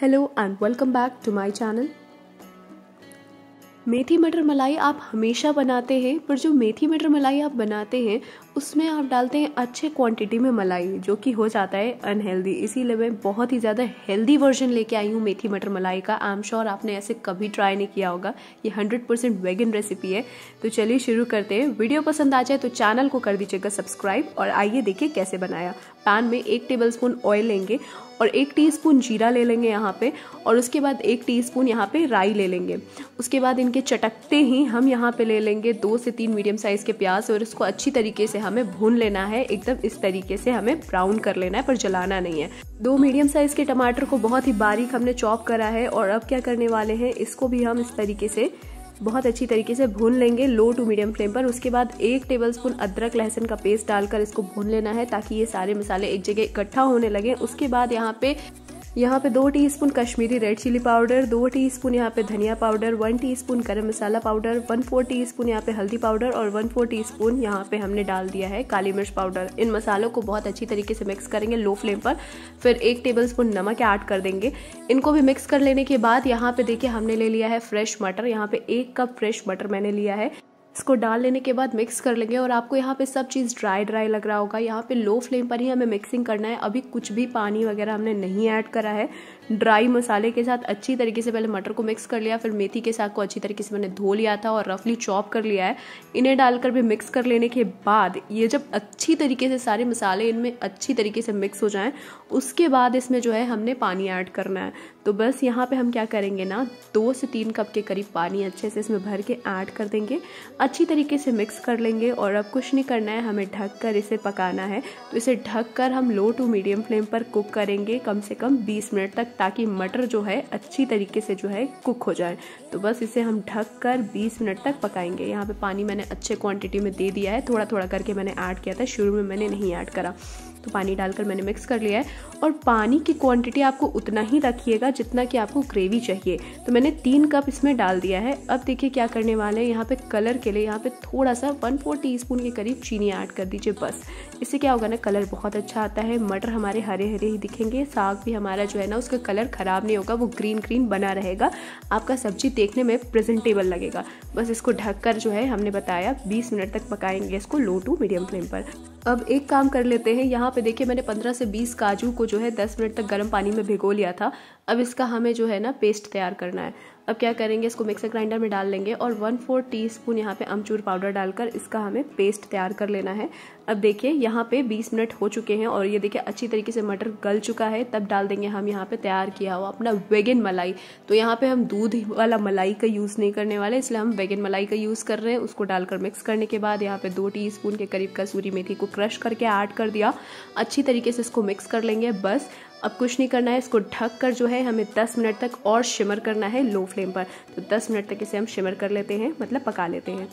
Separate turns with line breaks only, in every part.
hello and welcome back to my channel methi matar malai आप हमेशा बनाते हैं पर जो मेथी मटर मलाई आप बनाते हैं उसमें आप डालते हैं अच्छे क्वांटिटी में मलाई जो कि हो जाता है अनहेल्दी इसीलिए मैं बहुत ही ज़्यादा हेल्दी वर्जन लेके आई हूँ मेथी मटर मलाई का आई एम श्योर आपने ऐसे कभी ट्राई नहीं किया होगा ये 100% परसेंट वेगन रेसिपी है तो चलिए शुरू करते हैं वीडियो पसंद आ जाए तो चैनल को कर दीजिएगा सब्सक्राइब और आइए देखिए कैसे बनाया पैन में एक टेबलस्पून ऑयल लेंगे और एक टीस्पून जीरा ले लेंगे यहाँ पे और उसके बाद एक टीस्पून यहाँ पे राई ले लेंगे उसके बाद इनके चटकते ही हम यहाँ पे ले लेंगे दो से तीन मीडियम साइज़ के प्याज और इसको अच्छी तरीके से हमें भून लेना है एकदम इस तरीके से हमें ब्राउन कर लेना है पर जलाना नहीं है दो मीडियम साइज़ के टमाटर को बहुत ही बारीक हमने चॉप करा है और अब क्या करने वाले हैं इसको भी हम इस तरीके से बहुत अच्छी तरीके से भून लेंगे लो टू मीडियम फ्लेम पर उसके बाद एक टेबलस्पून अदरक लहसुन का पेस्ट डालकर इसको भून लेना है ताकि ये सारे मसाले एक जगह इकट्ठा होने लगे उसके बाद यहाँ पे यहाँ पे दो teaspoon Kashmiri red chilli powder दो टीस्पून यहाँ पे धनिया powder one teaspoon garam masala powder one four teaspoon यहाँ पे हल्दी पाउडर और वन फोर टीस्पून यहाँ पे हमने डाल दिया है काली मिर्च पाउडर इन मसालों को बहुत अच्छी तरीके से मिक्स करेंगे लो फ्लेम पर फिर एक टेबल स्पून नमक ऐड कर देंगे इनको भी मिक्स कर लेने के बाद यहाँ पे देखिए हमने ले लिया है फ्रेश मटर यहाँ पे एक कप फ्रेश मटर मैंने लिया है इसको डाल लेने के बाद मिक्स कर लेंगे और आपको यहाँ पे सब चीज़ ड्राई ड्राई लग रहा होगा यहाँ पे लो फ्लेम पर ही हमें मिक्सिंग करना है अभी कुछ भी पानी वगैरह हमने नहीं ऐड करा है ड्राई मसाले के साथ अच्छी तरीके से पहले मटर को मिक्स कर लिया फिर मेथी के साग को अच्छी तरीके से मैंने धो लिया था और रफली चॉप कर लिया है इन्हें डालकर भी मिक्स कर लेने के बाद ये जब अच्छी तरीके से सारे मसाले इनमें अच्छी तरीके से मिक्स हो जाएँ उसके बाद इसमें जो है हमने पानी ऐड करना है तो बस यहाँ पर हम क्या करेंगे ना दो से तीन कप के करीब पानी अच्छे से इसमें भर के ऐड कर देंगे अच्छी तरीके से मिक्स कर लेंगे और अब कुछ नहीं करना है हमें ढक कर इसे पकाना है तो इसे ढक कर हम लो टू मीडियम फ्लेम पर कुक करेंगे कम से कम 20 मिनट तक ताकि मटर जो है अच्छी तरीके से जो है कुक हो जाए तो बस इसे हम ढक कर बीस मिनट तक पकाएंगे यहाँ पर पानी मैंने अच्छे क्वान्टिटी में दे दिया है थोड़ा थोड़ा करके मैंने ऐड किया था शुरू में मैंने नहीं ऐड करा तो पानी डालकर मैंने मिक्स कर लिया है और पानी की क्वांटिटी आपको उतना ही रखिएगा जितना कि आपको ग्रेवी चाहिए तो मैंने तीन कप इसमें डाल दिया है अब देखिए क्या करने वाले हैं यहाँ पे कलर के लिए यहाँ पे थोड़ा सा वन फोर टी के करीब चीनी ऐड कर दीजिए बस इससे क्या होगा ना कलर बहुत अच्छा आता है मटर हमारे हरे हरे ही दिखेंगे साग भी हमारा जो है ना उसका कलर ख़राब नहीं होगा वो ग्रीन ग्रीन बना रहेगा आपका सब्जी देखने में प्रेजेंटेबल लगेगा बस इसको ढक जो है हमने बताया बीस मिनट तक पकाएंगे इसको लो टू मीडियम फ्लेम पर अब एक काम कर लेते हैं यहाँ यहाँ पे देखिए मैंने 15 से 20 काजू को जो है 10 मिनट तक गर्म पानी में भिगो लिया था अब इसका हमें जो है ना पेस्ट तैयार करना है अब क्या करेंगे इसको मिक्सर ग्राइंडर में डाल लेंगे और वन फोर टी स्पून यहाँ पर अमचूर पाउडर डालकर इसका हमें पेस्ट तैयार कर लेना है अब देखिए यहाँ पे 20 मिनट हो चुके हैं और ये देखिए अच्छी तरीके से मटर गल चुका है तब डाल देंगे हम यहाँ पे तैयार किया हुआ अपना वेगन मलाई तो यहाँ पे हम दूध वाला मलाई का यूज़ नहीं करने वाले इसलिए हम वेगन मलाई का यूज़ कर रहे हैं उसको डालकर मिक्स करने के बाद यहाँ पे दो टी के करीब कसूरी मेथी को क्रश करके ऐड कर दिया अच्छी तरीके से इसको मिक्स कर लेंगे बस अब कुछ नहीं करना है इसको ढक कर जो है हमें 10 मिनट तक और शिमर करना है लो फ्लेम पर तो 10 मिनट तक इसे हम शिमर कर लेते हैं मतलब पका लेते हैं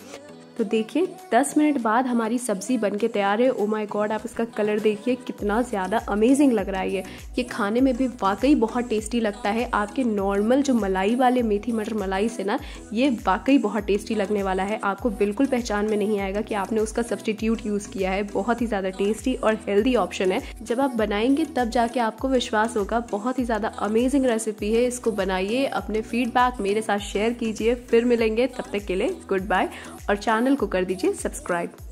तो देखिए 10 मिनट बाद हमारी सब्ज़ी बन के तैयार है ओ माय गॉड आप इसका कलर देखिए कितना ज़्यादा अमेजिंग लग रहा है ये ये खाने में भी वाकई बहुत टेस्टी लगता है आपके नॉर्मल जो मलाई वाले मेथी मटर मलाई से ना ये वाकई बहुत टेस्टी लगने वाला है आपको बिल्कुल पहचान में नहीं आएगा कि आपने उसका सब्सटीट्यूट यूज़ किया है बहुत ही ज़्यादा टेस्टी और हेल्दी ऑप्शन है जब आप बनाएंगे तब जाके आपको विश्वास होगा बहुत ही ज़्यादा अमेजिंग रेसिपी है इसको बनाइए अपने फीडबैक मेरे साथ शेयर कीजिए फिर मिलेंगे तब तक के लिए गुड बाय और चांद चैनल को कर दीजिए सब्सक्राइब